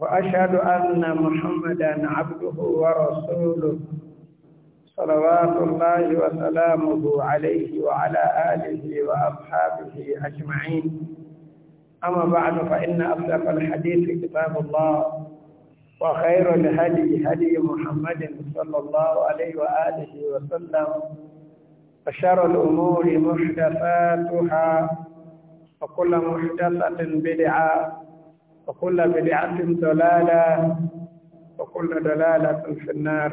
وأشهد أن محمدا عبده ورسوله صلوات الله وسلامه عليه وعلى آله وأصحابه أجمعين أما بعد فإن أصدق الحديث كتاب الله وخير الهدي هدي محمد صلى الله عليه وآله وسلم وشر الأمور محدثاتها وكل محدثة بدعة وكل بدعة دلالة وكل دلالة في النار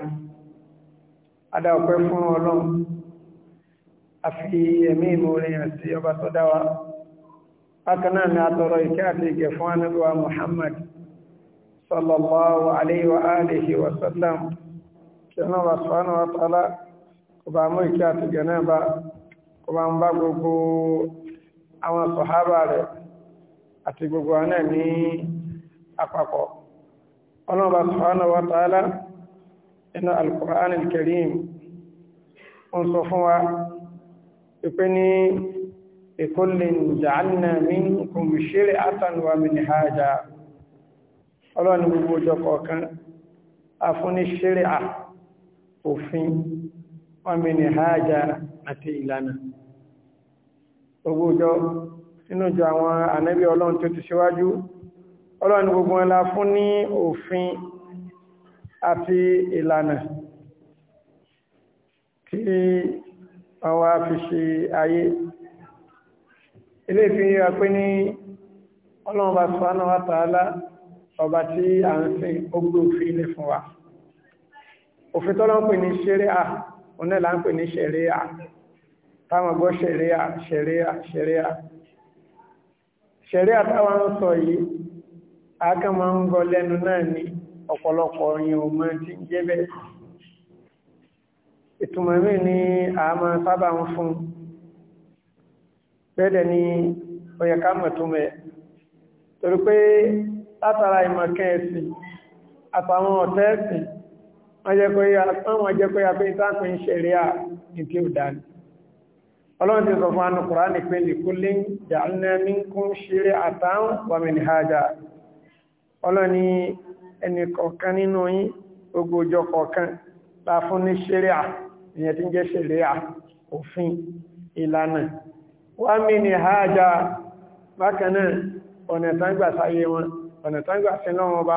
أنا أقول لهم أفي يمين مولين السيوبة صدوى أكنا ناطروا الكافي كفوان محمد صلى الله عليه وآله وسلم كنا وصفان وطلع كبام الكافي جنابا كبام بابكو أما صحابة لك àti gbogbo àná ní àpapọ̀ ọlọ́ọ̀bá subhanahu wa ta'ala inú al-Qur'an al-Karim ń sọ fún wa ìpé ní ìkúlìn ja'alna minkum shir'atan wa minhaja ọlọ́ni gbogbo ọjọ́ kọ̀ọ̀kan afúnni shir'a òfin wa minhaja àti ìlànà gbogbo ọjọ́ nínú ìjọ àwọn ànábì ọlọ́run tó ti síwájú ọlọ́run gbogbo ńlá fún ní òfin àti ìlànà tí àwọn afiṣe ayé ilé ìfihàn yíra pé ní ọlọ́run bá subhanahu wa ta'ala ọba tí a ń sin ogbó òfin ilé fún wa òfin tọ́lọ́ pè ní ṣẹ́ríà onílà ń pè ní ṣẹ̀ríà táwọn gbọ́ ṣẹ̀ríà ṣẹ̀ríà ṣẹ̀ríà ṣẹ̀rí àtàwà ń sọ yìí aka máa ń gọ lẹ́nu náà ní ọ̀pọ̀lọpọ̀ yìí o máa ti jẹ́ bẹ́ẹ̀ ìtumọ̀ mi ni a máa sábà ń fún bẹ́ẹ̀dẹ̀ ni ó yẹ ká mọ̀ tó mẹ́ torí pé látara ìmọ̀kẹ́ ẹ̀sìn àtàwọn ọ̀tẹ́ ẹ̀sìn wọ́n jẹ́ pé a pé ìtàkùn ìṣẹ̀rí à ní tí ó dání ọlọ́run ti sọ fún anú kùránì pé lìkúlé ja'alna minkum shir'atan wa minhaja ọlọ́run ni ẹni kọ̀ọ̀kan nínú yín gbogbo ọjọ́ kọ̀ọ̀kan láfún ní ṣíríà ìyẹn tí ń jẹ́ ṣíríà òfin ìlànà wa minhaja bákan náà ọ̀nà táǹgbà sáyé wọn ọ̀nà táǹgbà sínlọ́wọ́ bá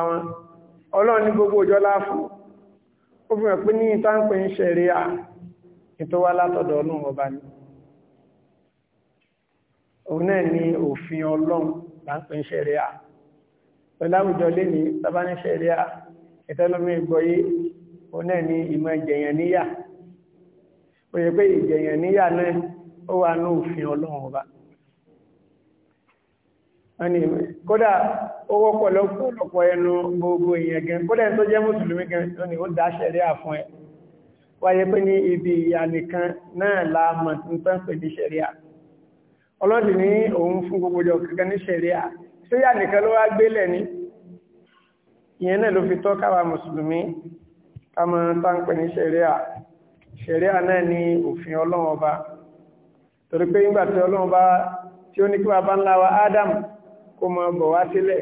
wọn òun náà ni òfin ọlọ́run láńpẹ́ ń ṣẹ̀rẹ́ à pẹ̀lú àwùjọ lé ní sábání ṣẹ̀rẹ́ à ìtẹ́lómi gbọ́yé òun náà ni ìmọ̀ ìjẹ̀yàn níyà ó yẹ pé ìjẹ̀yàn níyà náà ó wà ní òfin ọlọ́run ibi ìyà nìkan náà láàmọ̀ tó ń ọlọ́dì ní òun fún gbogbo jọ kankan ní ṣẹ̀ríà síríà nìkan ló wá gbélẹ̀ ní ìyẹn náà ló fi tọ́ káwa mùsùlùmí kámọ́ táǹpẹ̀ ní ṣẹ̀ríà ṣẹ̀ríà náà ní òfin ọlọ́run ọba torí pé nígbà tí ọlọ́run bá tí ó ní kí bàbá ńlá wa Adam kó mọ bọ̀ wá sílẹ̀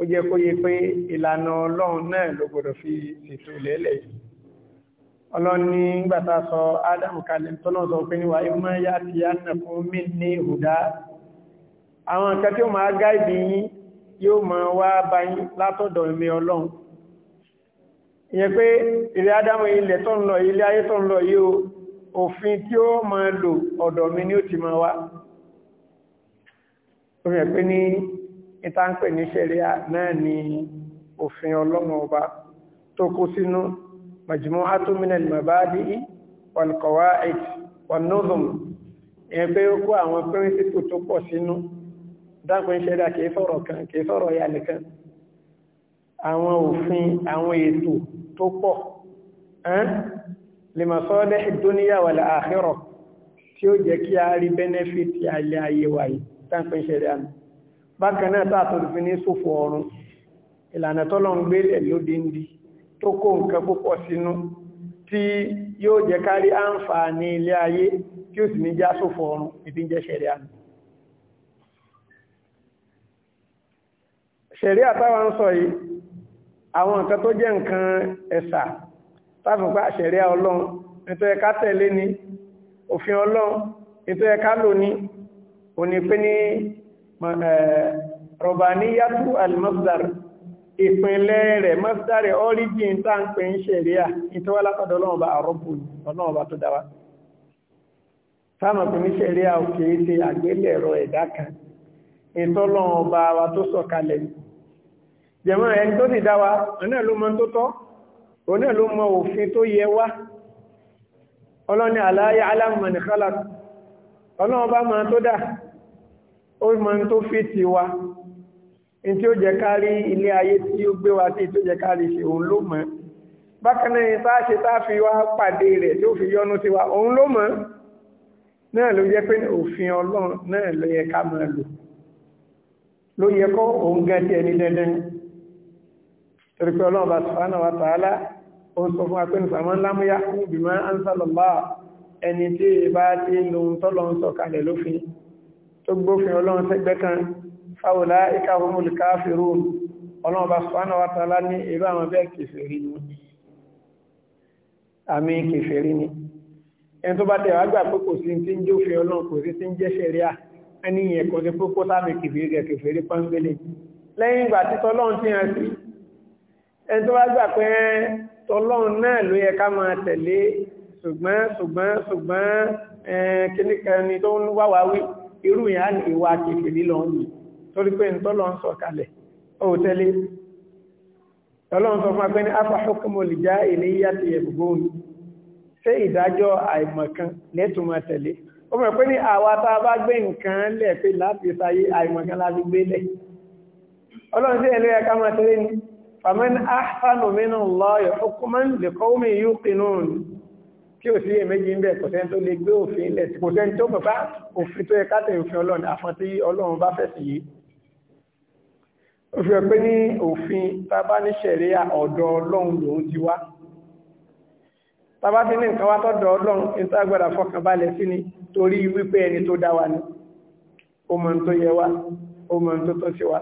ó jẹ́ kó yé pé ìlànà ọlọ́run náà ló gbọ́dọ̀ fi ṣètò lẹ́lẹ̀ yìí ọlọ́ni gbàtà sọ adam kalẹ̀ tọ́lọ́ sọ pé níwà ìmọ̀ ya ti yá nà fún mí ní ìhùdá àwọn nǹkan tí ó máa gáìdì yín yóò máa wá báyí látọ̀dọ̀ ẹ̀mí ọlọ́run ìyẹn pé ilẹ̀ adam ilẹ̀ tó ń ayé tó ń òfin tí ó máa lò ọ̀dọ̀ mi ni ó ti máa wá ó tó kó sínú مجموعة من المبادئ والقواعد والنظم ẹgbẹ́ ogún àwọn píríncípù tó pọ̀ sínú dákùn ìṣẹ́dá kìí sọ̀rọ̀ kan kìí sọ̀rọ̀ ya nìkan àwọn òfin àwọn ètò tó pọ̀ ẹ́n lè máa sọ́ lẹ́ ìdóníyà wà láàáhírọ̀ tí ó jẹ́ kí a rí benefit alẹ́ ayé wa yìí dákùn ìṣẹ́dá mi bákan náà tààtò fi ní sófò ọrùn ń gbélẹ̀ lódindi tó kó nǹkan púpọ̀ sínú tí yóò jẹ kárí àǹfààní ilé ayé tí ó sì ní já sófò ọrùn ìdí jẹ́ ṣẹ̀ríà ṣẹ̀ríà táwa ń sọ yìí àwọn nǹkan tó jẹ́ nǹkan ẹ̀sà táfùgbà ṣẹ̀ríà ọlọ́run nítorí ká ni òfin ọlọ́run nítorí eh, al-masdar ìpínlẹ̀ rẹ̀ mọ́sídárẹ̀ origin tá ń pè ń ṣẹ̀ríà ìtọ́wà látọ̀dọ̀ ọlọ́ọ̀bá àrọ́bù ọlọ́ọ̀bá tó dáwà sáàmà pè ní ṣẹ̀ríà òkè ṣe àgbélẹ̀rọ ẹ̀dá kan ìtọ́lọ́ọ̀bá wa tó sọ̀kalẹ̀ jẹ̀mọ́ ẹni tó sì dáwà ọ̀nà ló mọ̀ tó tọ́ ọ̀nà ló mọ̀ òfin in tí ó jẹ kárí ilé ayé tí ó gbé wa sí tí ó jẹ kárí ṣe òun ló mọ̀ bákan náà tá ṣe tá fi wá pàdé rẹ̀ tí fi yọ́nú sí wa òun ló mọ̀ náà ló jẹ́ pé òfin ọlọ́run náà ló yẹ ká máa lò ló yẹ kọ́ òun gan tiẹ̀ ní dandan torí pé ọlọ́run bá subhanahu wa ta'ala ó sọ fún apẹ́nu sàmọ́ lámúyá fún bima anzalallah ẹni tí ìbá ti lòun tọ́lọ́run sọ̀kalẹ̀ lófin tó gbófin ọlọ́run sẹ́gbẹ́ kan fáwọlá ìkàhùnmùlù káfìrú ọlọ́ọ̀bá sọ́nà wátàlá ní irú àwọn bẹ́ẹ̀ kèfèrí ni àmì kèfèrí ni ẹni tó bá tẹ̀ wá gbà pé kò sí tí ń jófin ọlọ́run kò sí tí ń jẹ́ṣẹ̀ rí à ẹni yẹn kò sí pópó sáàmì kèfèrí rẹ̀ kèfèrí pọ́ngbélé lẹ́yìn ìgbà tí ṣùgbọ́n ṣùgbọ́n ṣùgbọ́n kíníkan tó ń wáwá irú ìhàn ìwà kèfèrí lọ́hùn torí pé ntọ́lọ́ ń sọ kalẹ̀ ó tẹ́lé ọlọ́run sọ fún apẹ́ ní afa hukmu li jahiliyyati yabghun ṣé ìdájọ́ àìmọ̀kan lẹ́tùmọ̀ tẹ̀lé ó mọ̀ pé ní àwa tá a bá gbé nǹkan lẹ̀ pé láti sáyé àìmọ̀kan láti gbé lẹ̀ ọlọ́run sí ẹ̀lẹ́yà ká máa tẹ́lé ní faman ahsanu minallahi hukman liqawmin yuqinun kí o sí èméjì ń bẹ̀ kò sẹ́ni tó lè gbé òfin lẹ̀ kò sẹ́ni tó bàbá òfin tó yẹ òfin ọlọ́run àfọ́n tí ọlọ́run bá fẹ̀sì yìí ó fi pé ní òfin tábá ní ṣẹ̀ríà ọ̀dọ̀ ọlọ́run lòun ti wá tábá ti ní nǹkan wá tọ́dọ̀ ọlọ́run ní tágbàdà fọkànbalẹ̀ sí ni torí wípé ẹni tó dá wa ni ó mọ̀ tó yẹ wá ó mọ̀ tó tọ́ sí wa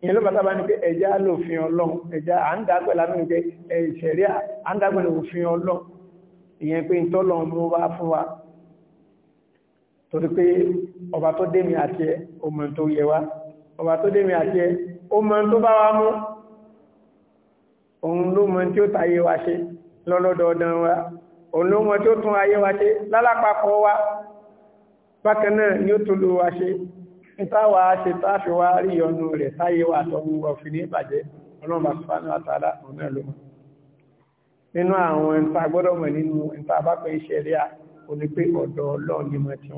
ìyẹn ló bàtà bá ní pé ẹ̀já lòfin ọlọ́run ẹ̀já à ń dàgbẹ̀ lábẹ́ pé ṣẹ̀ríà à ń dàgbẹ̀ òfin wa torí pé ọba tó dé mi àti ẹ ó ọba tó dé mi àti ẹ ó mọ tó bá wa mú òun ló mọ tí ó ta ayé wa ṣe lọ́lọ́dọọdán wa òun ló mọ tí ó tún ayé wa ṣe lálápapọ̀ wa bákan náà ni ó tún lò wa ṣe ìtawà ṣe táàfi wá rí ọnu rẹ̀ táyé wa tọ́gbù ọ̀fìn ní ìbàjẹ́ ọlọ́run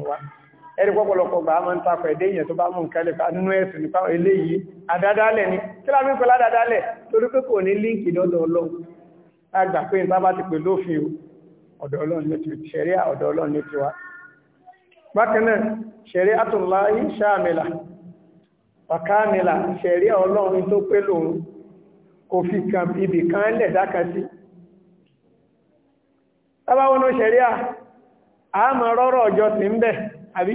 ẹ̀rí pọ́pọ̀lọpọ̀ gbà á máa ń takọ̀ ẹ̀dẹ́ mụ tó bá mú nǹkan lẹ́fà nínú ẹ̀sùn nípa àdádálẹ̀ ni tí lábí ń pẹ̀lá àdádálẹ̀ torí pé kò ní líǹkì lọ́dọ̀ ọlọ́run àgbà pé nípa fi kan ibì kan lẹ̀ dákan sí tábáwọn rọ́rọ̀ ọjọ́ sí ń bẹ̀ àbí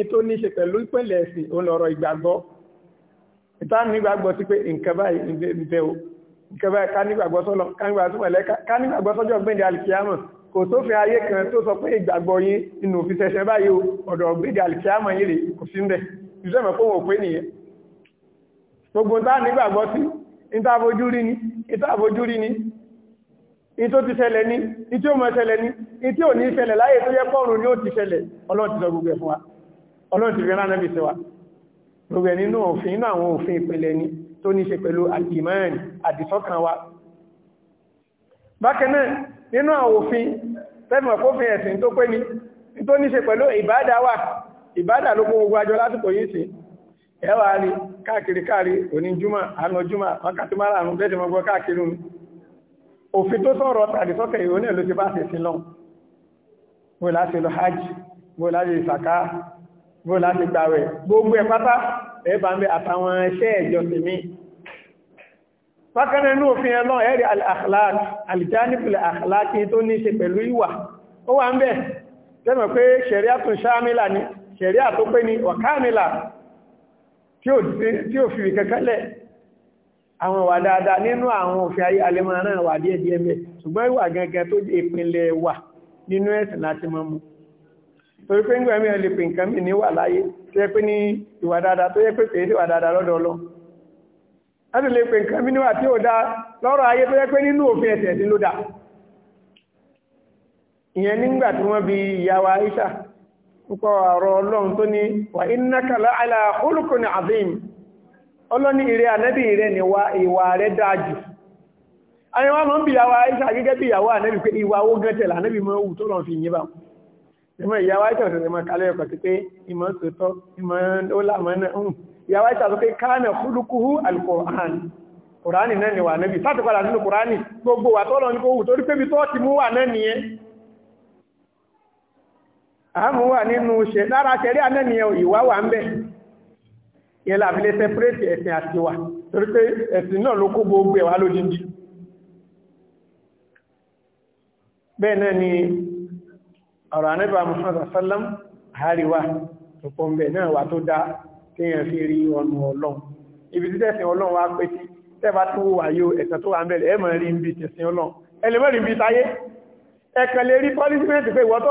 ètò ní ṣe pẹ̀lú ìpínlẹ̀ ẹ̀sìn òun lọ̀rọ̀ ìgbàgbọ́ ìtàn nígbàgbọ́ sí pé nǹkan báyìí ń bẹ o nǹkan báyìí ká nígbàgbọ́ sọ́lọ ká nígbàgbọ́ sọ́lọ ká nígbàgbọ́ sọ́jọ́ gbẹ̀dẹ̀ alìkíyàmọ̀ kò sófin ayé kan tó sọ pé ìgbàgbọ́ yín inú òfin ṣẹṣẹ báyìí o ọ̀dọ̀ gbẹ̀dẹ̀ alìkíyàmọ̀ yìí rè kò sí ń bẹ̀ ìṣẹ́mọ̀ kó wọ́n pé ni ìtàbójúrí ni ìtò ti ṣẹlẹ̀ ní ìtí ò mọ̀ ṣẹlẹ̀ ní ìtí ò ní ṣẹlẹ̀ láyé tó yẹ pọ́rùn ni ó ti ṣẹlẹ̀ ọlọ́ọ̀tí gbogbo ẹ̀ wa ọlọ́run ti fi rán nábi síwá gbogbo ẹ̀ nínú òfin inú àwọn òfin ìpìlẹ̀ ni tó ní ṣe pẹ̀lú alìmọ́ẹ̀nì àdìsọ́kàn wa bákan náà nínú àwọn òfin tẹ́mọ̀ kófin ẹ̀sìn tó pé ni tó wa ìbádà ló kó gbogbo àjọ lásìkò yìí sí ẹwà rí káàkiri káàrí òní júmọ̀ àánú júmọ̀ wákàtí mara àrùn bẹ́ẹ̀ mọ́gbọ́ káàkiri òfin tó sọ̀rọ̀ àdìsọ́kàn ìhónẹ̀ ló ti bá ṣe sí láti lọ hajj bó láti ìsàká bó láti gbàwẹ̀ gbogbo ẹ̀ pátá ẹ̀bà ń bẹ àtàwọn iṣẹ́ ìjọsìn mi bákanẹ̀ ní òfin ẹlọ́ ẹ̀rì al-akhlaq al-janibul akhlaqi tó ní ṣe pẹ̀lú ìwà ó wà ń bẹ tẹ́mọ̀ pé ṣẹ̀ríà tún ṣáàmìlà ni ṣẹ̀ríà tó pé ni wàkáàmìlà tí ò fi kẹkẹlẹ̀ àwọn wà dáadáa nínú àwọn òfin ayé alẹ́mọ̀ torí pé nígbà mìíràn lè pè nǹkan mìíràn níwà láyé tó yẹ pé ní ìwà dáadáa tó yẹ pé kèé ìwà dáadáa lọ́dọ̀ lọ láti lè pè nǹkan mìíràn níwà tí ò dá lọ́rọ̀ ayé tó yẹ pé nínú òfin ẹ̀sẹ̀ ló dà ìyẹn nígbà tí wọ́n wa Aisha ọ̀rọ̀ ọlọ́run tó ní wà ni ìwà rẹ̀ ìmọ̀ ìyàwó àìsàn ọ̀sẹ̀ ìmọ̀ kalẹ̀ ọkọ̀ ti pé ìmọ̀ sòtọ́ ìmọ̀ ọlámọ́nà ń ìyàwó àìsàn tó pé kánà kúlùkúhù alkùránì kùránì náà ni wà náà bí sátìpadà nínú kùránì gbogbo wà tọ́lọ ní kòhù torí pé bí tọ́ ti mú wà náà nìyẹn àmú wà nínú ṣe lára ṣẹ̀rí anẹ́niyàn ìwà wà ń bẹ̀ yẹn láàfi lè sẹpẹrẹtì ẹ̀sìn àti wà torí pé ẹ̀sìn náà ló kó gbogbo ẹ̀wà bẹ́ẹ̀ náà ni ọ̀rọ̀ àníbà Muhammad sallam àríwá ọ̀pọ̀m̀bẹ̀ náà wà tó dá kéèyàn fi rí ọ̀nà ọlọ́run ibi tí tẹ̀sìn ọlọ́run wá pé tí tẹ́bà tó wà yóò ẹ̀sẹ̀ tó wà ń bẹ̀rẹ̀ ẹ̀mọ̀ rí ibi tẹ̀sìn ọlọ́run ẹlẹ́mọ̀rí ibi táyé ẹ̀kàn lè rí pọ́lísímẹ́ntì pé ìwọ́ tó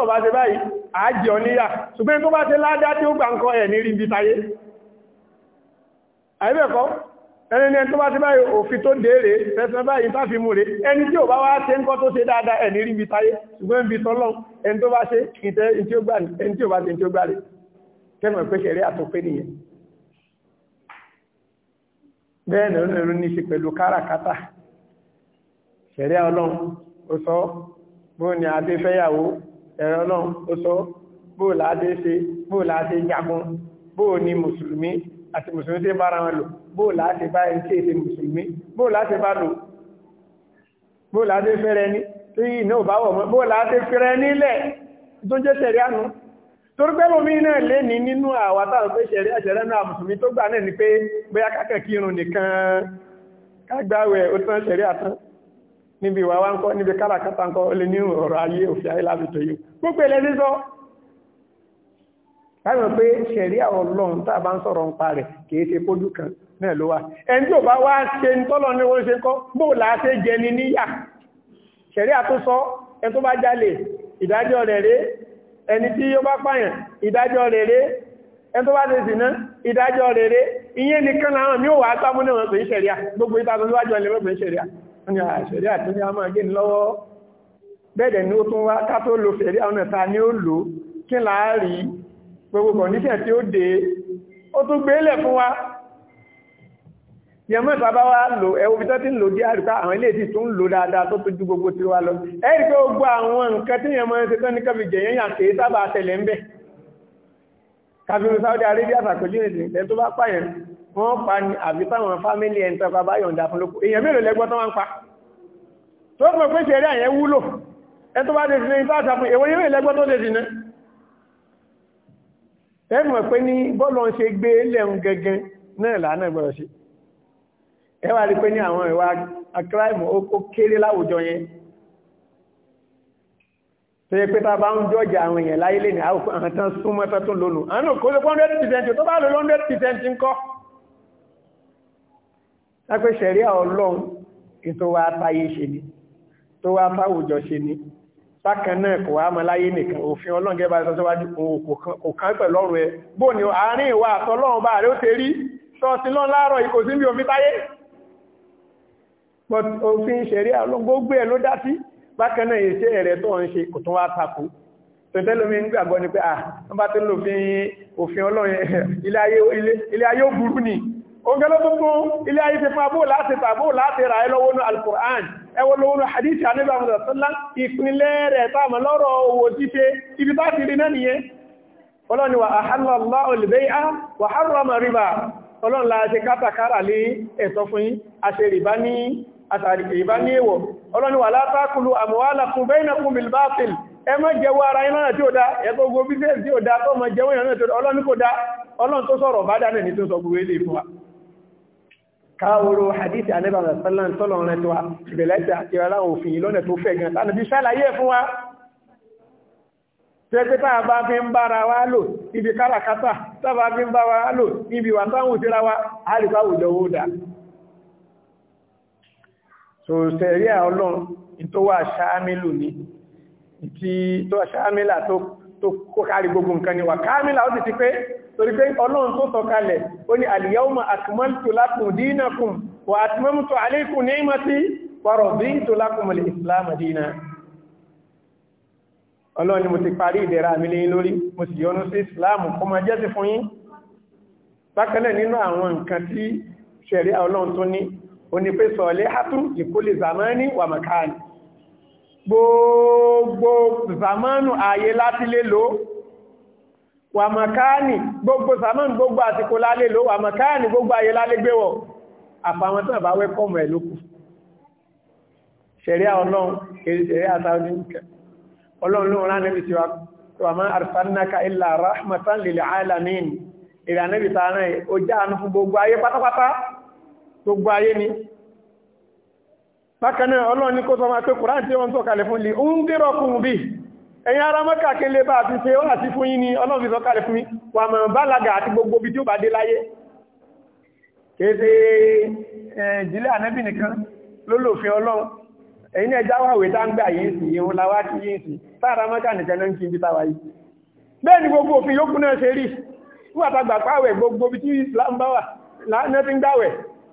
ẹni ni ẹni tó bá ti báyìí òfin tó dèrè fẹ́sẹ̀ báyìí tá fi mú rè ẹni tí ò bá wá ṣe ń kọ́ tó ṣe dáadáa ẹni rí ibi táyé ṣùgbọ́n ibi tọ́lọ́n ẹni tó bá ṣe ìtẹ́ ẹni tí ó gbà ẹni tí ò bá ṣe ẹni tí ó gbà rè kẹ́mọ̀ pé ṣẹ̀rí àtọ́pé nìyẹn bẹ́ẹ̀ ni ó ní ṣe pẹ̀lú bóòlá ti bá ẹ̀ṣẹ́ ìṣẹ́ mùsùlùmí bóòlá ti bá lò bóòlá ti fẹ́rẹ ní tí iná ò bá wọ̀ mọ́ bóòlá ti fẹ́rẹ nílẹ̀ tó jẹ́ sẹ̀rí àánú torí náà lé ní nínú àwa táwọn pé sẹ̀rí ni pé bóyá kákẹ́ kírun nìkan kágbáwẹ̀ ó tán sẹ̀rí àtán níbi ìwà wa ń kọ́ níbi káràkátà ń kọ́ ó lè ní ọ̀rọ̀ ayé òfin ayé lábìtò yìí gbogbo ilẹ̀ sísọ láìmọ̀ pé sẹ̀rí àwọn ọlọ́run tá a bá ń sọ̀rọ̀ ń pa rẹ̀ kì í ṣe pójú kan náà ló wà ẹni tí ò bá wá ṣe ń tọ́lọ̀ ní wọ́n ṣe kọ́ bó láti jẹ ni níyà ṣẹ̀rí àtúsọ ẹni tó bá jalè ìdájọ́ rẹ̀ rẹ̀ ẹni tí ó bá pààyàn ìdájọ́ rẹ̀ rẹ̀ ẹni tó bá ti sìná ìdájọ́ rẹ̀ rẹ̀ ìyẹn nìkan láwọn mi ò wá sámú náà wọ́n pè é ṣẹ̀ríà gbogbo ìta tó níwájú ẹni wọ́n pè é ṣẹ̀ríà wọ́n ni ṣẹ̀ríà tó ní a máa gé ní lọ́wọ́ bẹ́ẹ̀dẹ̀ ni ó tún wá tó lo ṣẹ̀ríà yẹn mọ́ ìfàbá wa lò ẹwọ́ bí tó ti ń lò díẹ̀ àdùká àwọn ilé ìtì tó ń lò dáadáa tó tójú gbogbo ti wá lọ ẹ̀rí pé gbogbo àwọn nǹkan tí yẹn ẹ ṣe tán ní kábíjẹ yẹn yàn kéé sábà tẹ̀lé ń bẹ̀ kábíru Saudi Arabia sàkójú ìdìlẹ̀ tó bá pààyàn wọ́n pa ní àbí táwọn fámílì ẹni tọ́ka bá yọ̀ǹda fún lóko èèyàn mélòó lẹ́gbọ́n tó wá ń pa tó mọ̀ pé ṣe eré àyẹ́ wúlò ẹni tó bá dé sílé ìfá àtàkùn èwo yẹ́ lẹ́gbọ́n tó dé dìnnà ẹ mọ̀ pé ní bọ́ọ̀lù ṣe gbé lẹ́hùn gẹ́gẹ́ náà lánàá gbọ́dọ̀ ṣe ẹ wá rí pé ní àwọn ìwà akíráìmù ó kéré láwùjọ yẹn tó yẹ pé tá a bá ń jọ́jà àwọn èèyàn láyé lè ní àwọn àwọn tán súnmọ́ tán tó lónù àánú kó lè 100% tó bá lò 100% ń kọ́ lápẹ́ ṣẹ̀rí ọlọ́run ètò wa táyé ṣe ni tó wá táwùjọ ṣe ni bákan náà kò wá mọ́ láyé nìkan òfin ọlọ́run gẹ́gẹ́ bá sọ síwájú kò kán pẹ̀lú ọ̀run ẹ bóò ni àárín ìwà àtọlọ́run bá rẹ ó ṣe rí sọ́ọ̀sì lọ́n láàárọ̀ ìkòsí mi òfin táyé but òfin ṣẹ̀rí àwọn gbogbo ẹ̀ ló dá sí bákan náà iṣẹ́ rẹ̀ tó ń ṣe kò tún wá takò tẹ̀tẹ́lómi ń gbàgbọ́ ni pé à ah, wọ́n bá ti ń lòfin òfin ọlọ́run ilé ayé ó burú ni oúnjẹ ló hadith anábà mọ̀sánlá ìpínlẹ̀ rẹ̀ táàmà lọ́rọ̀ owó títẹ́ ibi bá ti rí náà nìyẹn al-bay'a wa harrama riba ọlọ́run la ṣe kátàkárà lé ẹ̀tọ́ fún yín a ṣe rìbá ní àtàrí ìbá ní èwọ̀ ọlọ́niwà látàkùlù àmúwálàkùn bẹ́ẹ̀nàkùn bilbáfil ẹ má jẹwọ́ ara iná tí ó dá ẹgbẹ́ ogun bífẹ́ tí ó dá tó ma jẹwọ́ ìrànà tí ó dá ọlọ́ni hadithi anẹ́bàmà sallán tọ́lọ̀rẹ́ tó wa ìbẹ̀lẹ́ta àti ara òfin lọ́nà tó fẹ́ gan tánàbí ṣàlàyé fún wa tẹ́gbẹ́ta bá fi ń bára wa lò ibi káràkátà tábà fi so sẹ̀rí ọlọ́run tó wà ṣáàmìlù ní tí tó wà ṣáàmìlà tó kó kárí gbogbo nǹkan ni wà káàmìlà ó ti ti pé torí pé ọlọ́run tó sọ̀kalẹ̀ ó ní al-yawma akmaltu lakum dinakum wa atmamtu alaykum ni'mati wa raditu lakum al-islam dina ọlọ́run ni mo ti parí ìdẹ̀ra mi lé lórí mo sì yọ́nú sí islam kó máa jẹ́ sí fún yín bákan náà nínú àwọn nǹkan tí ṣẹ̀rí ọlọ́run ní onípe sọ̀lẹ́ hátú ìkólè zamani wà makani gbogbo zamanu ayé láti lè lò wà makani gbogbo zamanu gbogbo àsìkò lálé lò wà makani gbogbo ayé lálé gbéwọ̀ àfàwọn tán bá wẹ́kọ̀mù ẹ̀ lókù ṣẹ̀rí ọlọ́run kèrè ṣẹ̀rí àtàwọn ọlọ́run rahmatan lil alamin ìrànẹ́bìta náà ó já àánú fún gbogbo ayé gbogbo ayé ni bákanáà ọlọ́run ní kó sọ máa pé kùrán tí wọ́n tó kalẹ̀ fún lè ń gẹ́rọ kùn bí ẹ̀yin ará mọ́kà kí lè bá àti ṣe wà sí fún yín ní ọlọ́run fi sọ kalẹ̀ fún wà mọ̀ bálaga àti gbogbo bí tí ó bá dé láyé kéde ìdílé ànẹ́bì nìkan lólòfin ọlọ́run ẹ̀yin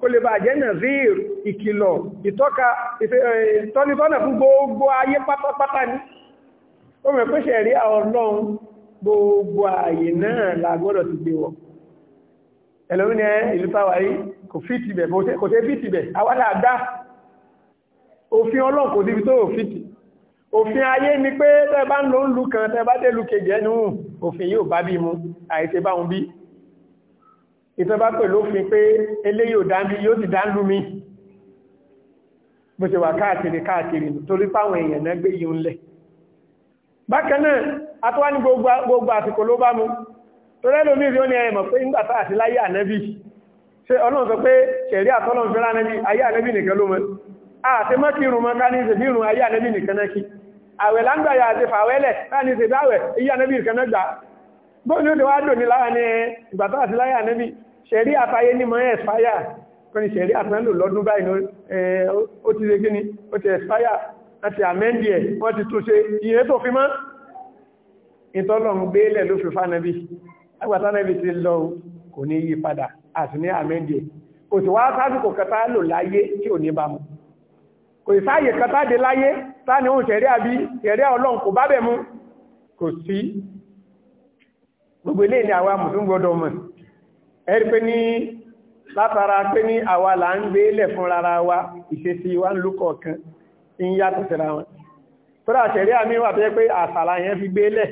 kó lè bá jẹ́ nàzír ìkìlọ̀ ìtọ́ka ìtọ́nitọ́nà fún gbogbo ayé pátápátá ní ó mẹ́ pẹ́ṣẹ̀ rí Ọlọ́run gbogbo ààyè náà lágbọ́dọ̀ ti gbé wọ ẹlòmínà ìlú táwàrí kò fìtì bẹ̀ kò tẹ́ fìtì bẹ̀ awádà dá òfin Ọlọ́run kò síbi tó fìtì òfin ayé ni pé tẹ́ bá ń lo ń lu kan tẹ́ bá dé lu kejì ẹnu òfin yóò bá bí mu àìsẹ́ báhun bí ìtọ́bá pẹ̀lú òfin pé eléyìí ò dáńbí yóò ti dáńlú mi bó ṣe wà káàkiri káàkiri torí fáwọn èèyàn náà gbé yìí ń lẹ̀ bákanáà atọ́wá ní gbogbo àsìkò ló bá mú torí ẹlòmí rí ó ní ẹ̀mọ̀ pé ńgbà tá àti láyé ànẹ́bí ṣe ọlọ́run sọ pé ṣẹ̀rí àtọ́lọ́run fẹ́ràn ànẹ́bí ayé ànẹ́bí nìkan ló mọ́ àti mọ́kì irun mọ́ káni ṣe fírun ayé ànẹ́bí láwọn ní àti láyé ànẹ́bí ṣẹ̀rí àtayé ní mọ́ ẹ̀fáyà kọ́ni ṣẹ̀rí àtàlò lọ́dún báyìí ó ti ṣe gíní ó ti ẹ̀fáyà àti àmẹ́ndì ẹ̀ wọ́n ti túnṣe ìyẹn tó fi mọ́ ìtọ́lọ̀ ń gbélẹ̀ ló fi fánàbí agbàtánàbí ti lọ kò ní yí padà àti ní àmẹ́ndì ẹ̀ kò sì wá sásìkò kẹta lò gbogbo eléyìí ni àwa mùsùlùmí gbọdọ̀ mọ̀ ẹ̀rí pé ní látara pé ní àwa là ń gbé lẹ̀ fún rárá wa ìṣesí wa ń lú kọ̀ọ̀kan ń yàtọ̀ síra wọn tó dà ṣẹ̀rí àmì wà tó yẹ pé àṣàlà yẹn fi gbé lẹ̀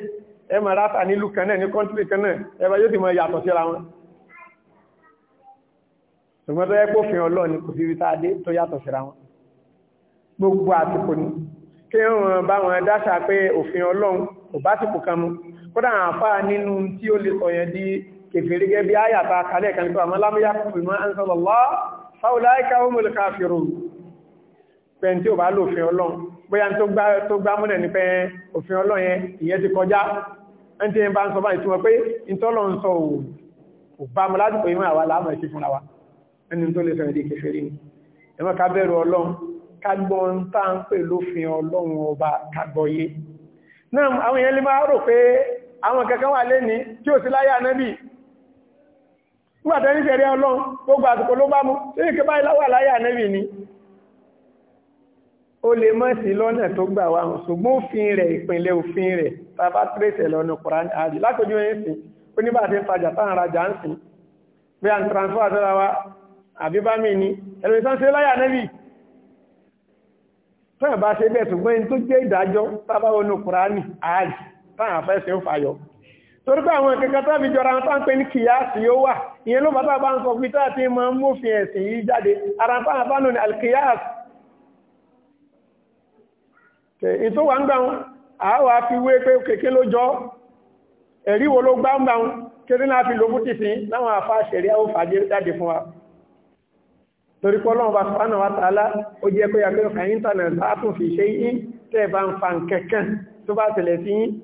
ẹ mọ̀ ráta nílùú kan náà ní kọ́ńtírì kan náà ẹbá yóò ti mọ̀ yàtọ̀ síra wọn ṣùgbọ́n tó yẹ pé òfin ọlọ́ọ̀ni kò sí ríta adé tó yàtọ̀ síra wọn gbogbo àtìkò ni kí wọ́n bá wọn dáṣà pé òfin ọlọ́run kò bá tìkò kan mu kódà àfáà nínú tí ó lè sọ yẹn di kèfèrí gẹ́ bí áyàta kalẹ̀ kan tó àmọ́lámúyá fún ìmọ̀ ansalọ́lá sáwọ́láìká omùlù káfírùn pẹ̀ tí ó bá lò òfin ọlọ́run bóyá tó gbá múlẹ̀ ní pé òfin ọlọ́run yẹn ìyẹn ti kọjá ẹn tí ẹ bá ń sọ báyìí túnmọ̀ pé ìtọ́lọ̀ ń sọ ò bá mú láti pè àwọn èèyàn lè máa rò pé àwọn kankan wà lẹ́ni tí ò sí láyé ànábì nígbàtẹ́ ní ṣẹ̀rẹ́ ọlọ́run gbogbo àtùkò ló bá mú tí ìkẹ́ báyìí láwà láyà nẹ́bì ni ó lè mọ́ sí lọ́nà tó gbà wá hàn ṣùgbọ́n òfin rẹ̀ ìpínlẹ̀ òfin rẹ̀ tàbá tírèsẹ̀ lọ́nà Kùránì àdì látòjú ẹ̀yìn sí oníbàtí ń tajà táwọn rajà ń sìn bí i transfer àtọ́ra wa àbí bá mi ni ẹ̀rọ ìsánsẹ́ láyà nẹ́bì tọ́yà bá ṣe bẹ́ẹ̀ ṣùgbọ́n ẹni tó jẹ́ ìdájọ́ tábáwọnú Kùránì àdì táwọn afẹ́ṣẹ́ ń fàyọ̀ torí pé àwọn akẹ́kọ̀ọ́ tàbí jọra wọn tán pé ní kìyàsì yóò wà ìyẹn ló bàtà bá ń sọ pítà tí ma ń mọ́fin ẹ̀sìn yìí jáde ara táwọn bá lò ní alkiyas ètò wà ń gbà wọn àáwà fi wé pé kéèké ló jọ ẹ̀rí wo ló gbá ń gbà wọn kéré náà fi lókún ti sin láwọn afá ṣẹ̀rí àwọn fàájé jáde fún wa torí pé ọlọ́run bá sọ́nà wa tààlà ó jẹ́ pé akẹ́kọ̀ọ́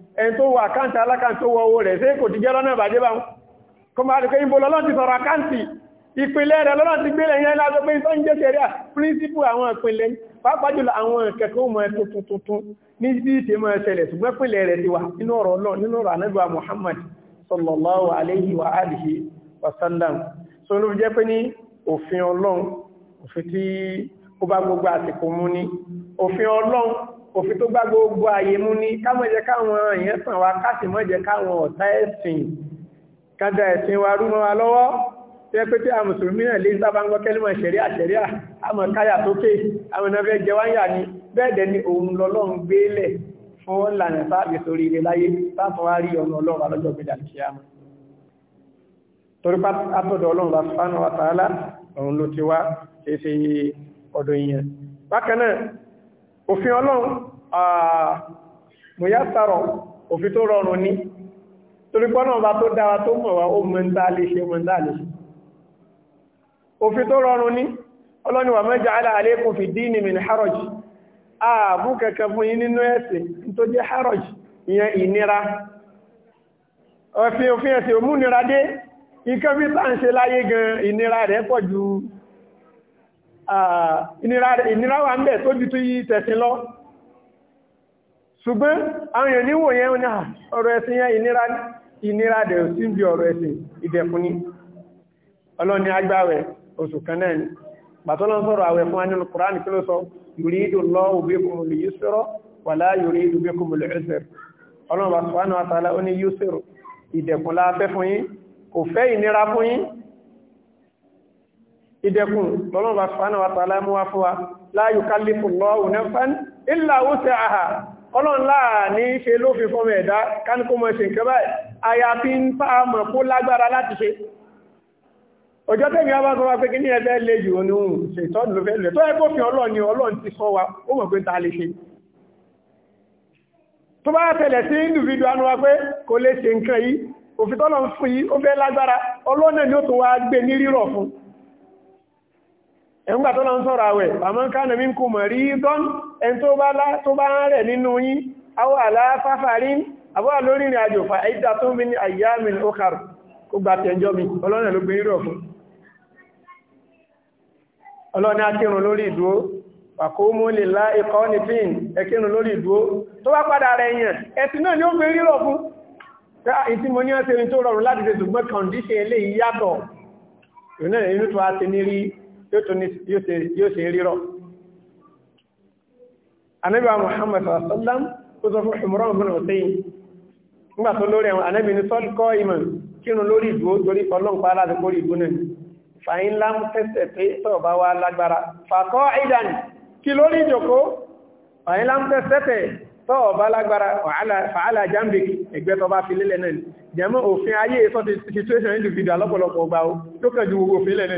ẹni tó wọ àkáǹtì alákàǹtì tó wọ owó rẹ̀ sí kò ti jẹ́ lọ́nà ìbàjẹ́ bá wọn kọ máa dùkẹ́ ìbò lọ́nà ti sọ̀rọ̀ àkáǹtì ìpínlẹ̀ rẹ̀ lọ́nà ti gbélẹ̀ yẹn lájọ pé tó ń jẹ́ sẹ́ríà príncipù àwọn ìpínlẹ̀ pàápàá jùlọ àwọn kẹ̀kọ́ mọ̀ ẹ̀tọ́ tuntun ní bí ìtẹ́ mọ̀ ẹ̀ṣẹ̀lẹ̀ ṣùgbọ́n ìpínlẹ̀ rẹ̀ ti wà nínú ọ̀rọ̀ lọ nínú Muhammad sallallahu alayhi wa alihi wa sallam so ló jẹ́ pé ní òfin Ọlọ́run òfin tí ó òfin tó gbá gbogbo ààyè mú ní kámọ́jẹ́ káwọn èèyàn tàn wá káàsì mọ́jẹ́ káwọn ọ̀tá ẹ̀sìn kádà ẹ̀sìn wa rú mọ́ wa lọ́wọ́ tí ẹ pé tí a mùsùlùmí náà lè sábà ń gbọ́ kẹ́límọ̀ ṣẹ̀ríà ṣẹ̀ríà ni bẹ́ẹ̀dẹ̀ ni òun lọ́lọ́run gbélẹ̀ fún lànà sáàbì sórí ilé láyé táfọ́ wá rí ọ̀nà ọlọ́run alọ́jọ́ gbéjà ti ṣe àmọ́ torí pátọ́dọ̀ ọlọ́run bá òfin ọlọ́run mùyásàrọ̀ òfin tó rọrùn ní torí pọ́nà ọba tó dára tó mọ̀ wá ó mẹ́ta lè ṣe mẹ́ta lè ṣe òfin tó rọrùn ní ọlọ́ni wà ma ja'ala alaykum fi dini min haraj ààbú kẹkẹ fún yín nínú ẹ̀sìn tó jẹ́ haraj ìyẹn ìnira ìnira wà ń bẹ̀ tó jù tó yí tẹ̀sìn lọ ṣùgbọ́n àwọn èèyàn níwò yẹn ní ah, ọ̀rọ̀ ẹ̀sìn yẹn ìnira ìnira dẹ̀ sí bí ọ̀rọ̀ ẹ̀sìn ìdẹ̀kùn ní ọlọ́ni agbáwẹ̀ oṣù kan náà ni bàtọ́lọ́ sọ̀rọ̀ àwẹ̀ fún anínú kùránì kí ló sọ yùrídù lọ́wù bí kùmùlù yúsírọ̀ wà láà yùrídù bí kùmùlù ẹsẹ̀rù ọlọ́run bá sọ̀rọ̀ àtàlà ó ní yúsírù ìdẹ̀kùn láfẹ́ fún yín kò fẹ́ ìnira fún yín ìdẹ̀kùn lọ́lọ́wà fánà wa tààlá mú wá fún wa la yukallifu Allahu nafsan illa wus'aha ọlọ́run láà ní ṣe ló fi fọ́mọ̀ ẹ̀dá kánikó mọ̀ ṣe nǹkan báyìí àyàfi ń fà mọ̀ kó lágbára láti ṣe ọjọ́ tẹ́mi ọba sọ wá pé kí ní ẹgbẹ́ ni ọlọ́run ti sọ wa ó mọ̀ pé ta lè ṣe tó bá tẹ̀lẹ̀ sí individual wa pé ẹ̀ngbà tó lọ ń sọ́rọ̀ àwẹ̀ àmọ́ kánà mí kò mọ̀ rí dán ẹn tó bá lá tó bá rẹ̀ nínú yín awọ́ aláfáfàrí àbọ́ lórí ìrìn àjò fa ìdá tó bí ní àyàmìn okar kó gba tẹjọ́ mi ọlọ́nà ló gbé rírọ̀ fún ọlọ́nà akírun lórí ìdúó pàkómú lè lá ikọ́ ní fíìn ẹkírun lórí ìdúó tó bá padà rẹ̀ yàn ẹ̀sìn náà ni ó gbé rírọ̀ fún ìtí mo ní ọ̀sẹ̀ tó rọrùn láti yóò ṣe rírọ̀. anábíwá muhammad sallam ó sọ fún ìmúràn fún ọ̀sẹ́yìn nígbà tó lórí àwọn anábí ní sọ́lùkọ́ ìmọ̀ kírun lórí ìdúó torí ọlọ́npá láti kórí ìdú náà fàyín lám tẹ́sẹ̀ pé tọ́ bá wá lágbára fàkọ́ ìdàn kí lórí ìjòkó fàyín lám tẹ́sẹ̀ tọ́ bá lágbára fàálà jambik ẹgbẹ́ tọ́ bá fi lélẹ̀ náà jẹ́mọ́ òfin ayé sọ́ ti situation individual lọ́pọ̀lọpọ̀ gbà ó lókàjú gbogbo òfin lẹ́nà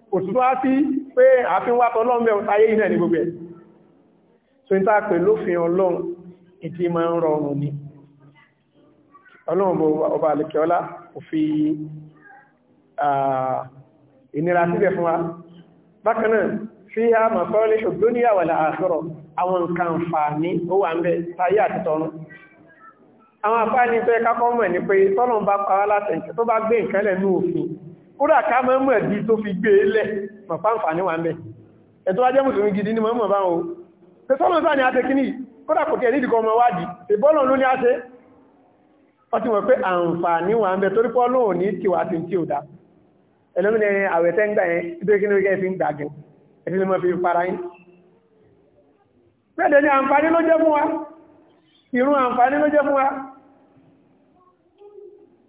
òtútù á sí pé àfin wá tọ́lọ́mẹ́ ọ̀táyé ilẹ̀ ní gbogbo ẹ̀ so ní tàà pè lófin ọlọ́run ìdí ma ń rọrùn ni ọlọ́run ọba alẹ́kẹ́ọ́lá kò fi ìnira sílẹ̀ fún wa bákanáà fi ha ma kọ́ lè ṣògbó ní àwàlà àṣọ́rọ̀ àwọn nǹkan fà ní ó wà ń bẹ táyé àti tọ̀run àwọn àpá ní fẹ́ kákọ́ mọ̀ ní tó ní kódà ká mọ́mọ́ ẹ̀dí tó fi gbé e lẹ̀ mọ̀pá ń fà níwà mẹ́ ẹ̀tọ́ ajẹ́ mùsùlùmí gidi ní mọ́mọ́ báwọn o pẹ̀sọ́nà sáà ni a ṣe kíní kódà kò tẹ̀ nídìkọ ọmọ wádìí ìbọ́lọ̀ ló ní a ṣe wọ́n ti mọ̀ pé àǹfààní wà ń bẹ tiwa ti ń tí ò dá ẹlọ́mìnà àwẹ̀ tẹ́ ń gbà yẹn tó kí ní orí kẹfì ń fi para yín bẹ́ẹ̀ ni àǹfààní ló jẹ́ fún wa wa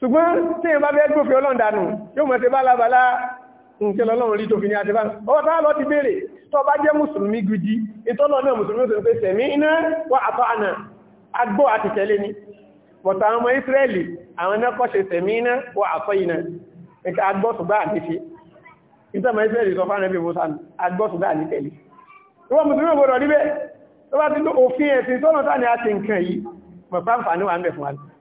ṣùgbọ́n tí ìyẹn bá bẹ́ gbófin ọlọ́run dànù yóò mọ̀ sí bálabàlá nǹkan lọ́lọ́run rí tó fi ní àti bá ọwọ́ tá lọ ti béèrè tó bá jẹ́ mùsùlùmí gidi ìtọ́lọ́ náà mùsùlùmí tó pé sẹ̀mí iná wà àtọ́ àná ni bọ̀tà àwọn ọmọ Ísírẹ́lì àwọn náà kọ́ṣe sẹ̀mí iná wà àtọ́ iná nǹkan agbó ṣùgbà àti fi ìtọ́mọ Ísírẹ́lì sọ fáwọn ẹbí mọ́sán agbó ṣùgbà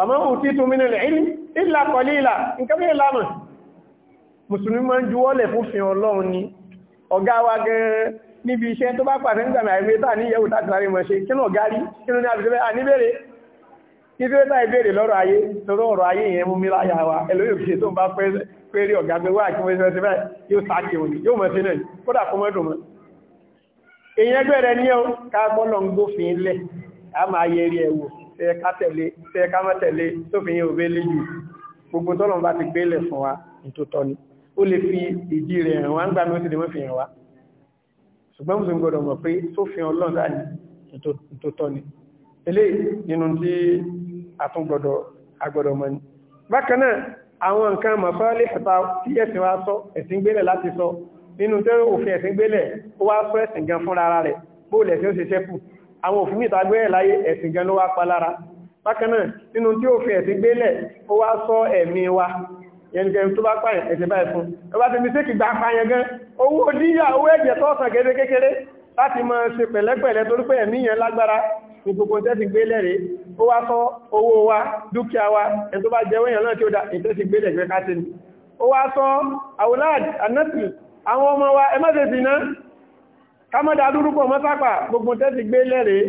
fàmọ́ òtí tó mínú ilẹ̀ ìlà kọlí ìlà nǹkan bí ìlànà mùsùlùmí máa ń juwọ́lẹ̀ fún fi ọlọ́run ni ọ̀gá wa gẹ́rẹ́ níbi iṣẹ́ tó bá pàtẹ́ nígbàmì àìbẹ́ta ní yẹ̀wò tàbí lárí mọ̀ ṣe kí lọ gárí kí lọ ní àbìsẹ́ àníbèrè kí tó bá ìbèrè lọ́rọ̀ wa ẹlòyò kìí tó ń bá pẹ́rẹ́ ọ̀gá gbé wá tẹ́yẹ ká tẹ̀lé tẹ́yẹ ká má tẹ̀lé tó fi yẹn òbé lé jù gbogbo tọ́lọ̀ bá ti gbélé fún wa nítòtọ́ ni ó lè fi ìdí rẹ̀ hàn wá ń gbà mí ó ti lè mọ́ fi hàn wá ṣùgbọ́n mùsùlùmí gbọ́dọ̀ mọ̀ pé tó fi hàn lọ́nà ní nítòtọ́ ni eléyìí nínú tí àtúngbọ̀dọ̀ agbọ̀dọ̀ mọ́ ni. bákan náà àwọn nǹkan mọ̀fọ́lẹ́ ẹ̀ta tí ẹ̀sìn wa sọ ẹ̀sìn gbélé láti sọ nínú tẹ́rọ òfin ẹ̀sìn gbélé ó wá sọ ẹ̀sìn gan fúnra rẹ̀ bóòlù ẹ̀sìn ó ṣe ṣẹ́kù àwọn òfin ìtagbẹ́rẹ̀ láyé ẹ̀sìn gan ló wá palára bákanáà nínú tí ó fi ẹ̀sìn gbélẹ̀ ó wá sọ ẹ̀mí wa yẹnigẹn tó bá pààyàn ẹ̀sìn báyìí fún ọba ti mi sí kìgbà pààyàn gan owó díyà owó ẹ̀jẹ̀ tó ọ̀sán kéde kékeré láti máa ṣe pẹ̀lẹ́pẹ̀lẹ́ torí pé ẹ̀mí yẹn lágbára ní gbogbo tẹ́sì gbélẹ̀ rẹ̀ bá jẹ́ da ìtẹ́sì gbélẹ̀ gbé káàtì ni ó wá sọ àwòláàdì ànátì àwọn ọmọ kámọ́dá dúrúpọ̀ mọ́sápà gbogbo tẹ́sì gbé lẹ́rẹ̀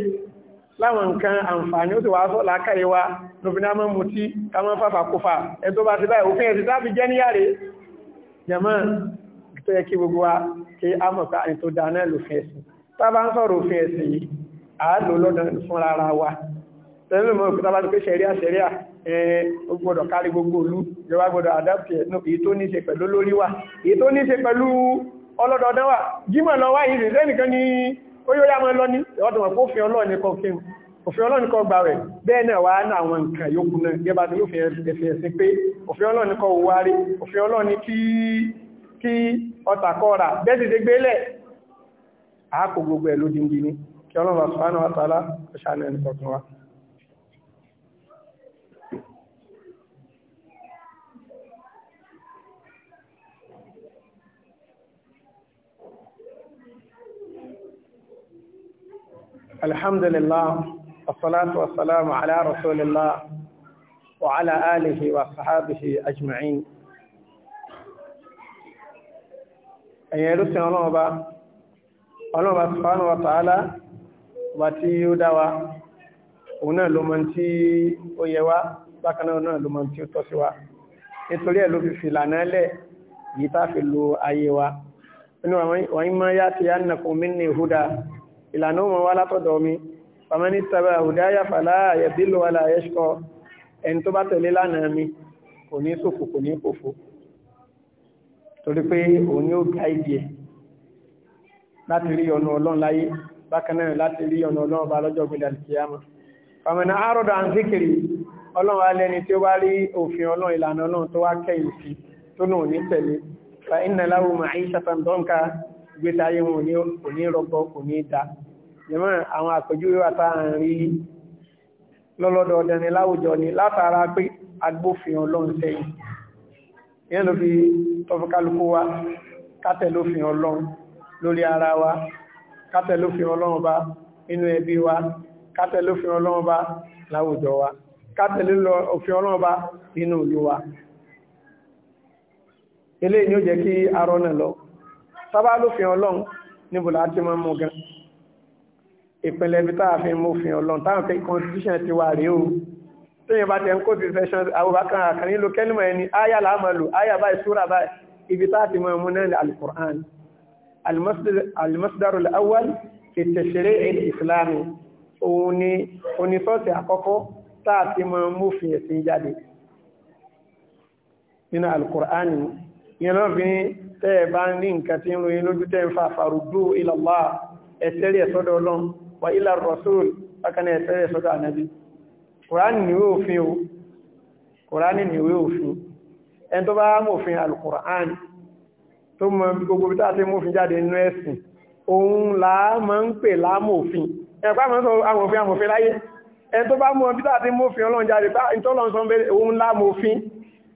láwọn nǹkan àǹfààní ó sì wá sọ́ lákàrí wa lóbiná mọ́ mú tí kámọ́ fàfà kófà ẹ̀tọ́ bá ti báyìí òfin ẹ̀sì tàbí jẹ́ níyàrí jẹ́mọ́ tó yẹ a mọ̀ pé àyìn tó dáná lòfin ẹ̀sìn tá bá ń sọ̀rọ̀ òfin ẹ̀sìn yìí a lò lọ́dọ̀ fún rárá wa tẹ́lẹ̀ mọ́ pé ọlọ́dọọdán wà jímọ̀ lọ wáyìí rẹ̀ lẹ́nìkan ní ó yóò yá mọ́ lọ ní ọdún òfin ọlọ́run kọ gbà rẹ̀ bẹ́ẹ̀ náà wà náà àwọn nǹkan yóò náà gẹ́bà tó yóò fi ẹ̀sìn pé òfin ọlọ́run kọ wárí òfin ọlọ́run kí ọtakọ́ra bẹ́ẹ̀ ti gbélẹ̀ àákò الحمد لله والصلاة والسلام على رسول الله وعلى آله وصحابه أجمعين ẹ̀yìn ẹ̀rú sin ọlọ́ọ̀bá ọlọ́ọ̀bá subhanahu wa ta'ala bá tí ó dá wa òun náà ló mọ̀ tí ó yẹ wá bákanáà náà ló mọ̀ tí ó tọ́ sí wa nítorí ẹ̀ ló fi fìlànà lẹ̀ yìí tá fi lo ayé wa inú wọ́n máa yá ti yá nàkùn minni huda ìlànà ọmọ wá látọ̀dọ̀ mi pàmẹ́ni tàbí àwùdáyà fàlá àyẹ̀bílò wàlá àyẹ́ṣkọ́ ẹni tó bá tẹ̀lé lánàá mi kò ní sòfò kò ní fòfò torí pé òun ni ó ga ìdí ẹ̀ láti rí ọ̀nà ọlọ́run láyé bákan náà láti rí ọ̀nà ọlọ́run bá lọ́jọ́ gbìdàlì kìyàmá pàmẹ́ni àárọ̀dọ̀ àǹzíkiri ọlọ́run alẹ́ni tí ó wá rí òfin ọlọ́run ìlànà ọlọ́run tó wá kẹ́yìn sí tó náà ní tẹ̀lé fa inna lahu ma'ishatan gbéta ayé wọn kò ní rọgbọ kò ní da jẹmọ́ àwọn àpèjúwe wa tá à ń rí lọ́lọ́dọọdẹ ni láwùjọ ni látara pé agbófin ọlọ́run sẹ́yìn ìyẹn ló fi tọ́fọ́kálukú wa kátẹ̀ lófin ọlọ́run lórí ara wa kátẹ̀ lófin ọlọ́run bá nínú ẹbí wa kátẹ̀ lófin ọlọ́run bá láwùjọ wa kátẹ̀ lílọ òfin ọlọ́run bá nínú ìlú wa eléyìí ni ó jẹ́ kí arọ́nà lọ sábà lófin ọlọ́run níbo la ti máa mú gan ìpínlẹ̀ ibi tá a fi mú òfin ọlọ́run táwọn fi constitution ti wà rèé o tóyìn bá tẹ̀ ń kó ti session Abubakar àkànní ló kẹ́lìmọ̀ ẹni áyà làá lò áyà báyìí súra báyìí ibi tá ti máa mú náà ní alukur'an alimasdaru awal ìtẹ̀sẹ̀rẹ̀ ẹ̀dì ìsìlámi òun ni onísọ́ọ̀sì àkọ́kọ́ tá a ti máa mú òfin ẹ̀sìn jáde nínú alukur'an yẹn lọ́fin tẹ́ ẹ bá ń nǹkan tí ń ro yín lójú tẹ́ ń fa farudú ila Allah ẹ̀sẹ̀rí ẹ̀sọ́dọ̀ ọlọ́run wà ila rasul bákan náà ẹ̀sẹ̀rí ẹ̀sọ́dọ̀ ànábì kùránì níwé òfin o kùránì níwé òfin ẹni tó bá mòfin alukur'an tó mọ gbogbo bí táà tí mòfin jáde nínú ẹ̀sìn òun làá mọ́ ń pè lámòfin ẹ̀pá mọ́ sọ amòfin amòfin láyé ẹni tó bá mọ bí táà tí mòfin ọlọ́run jáde bá ìtọ́lọ́run sọ òun lámòfin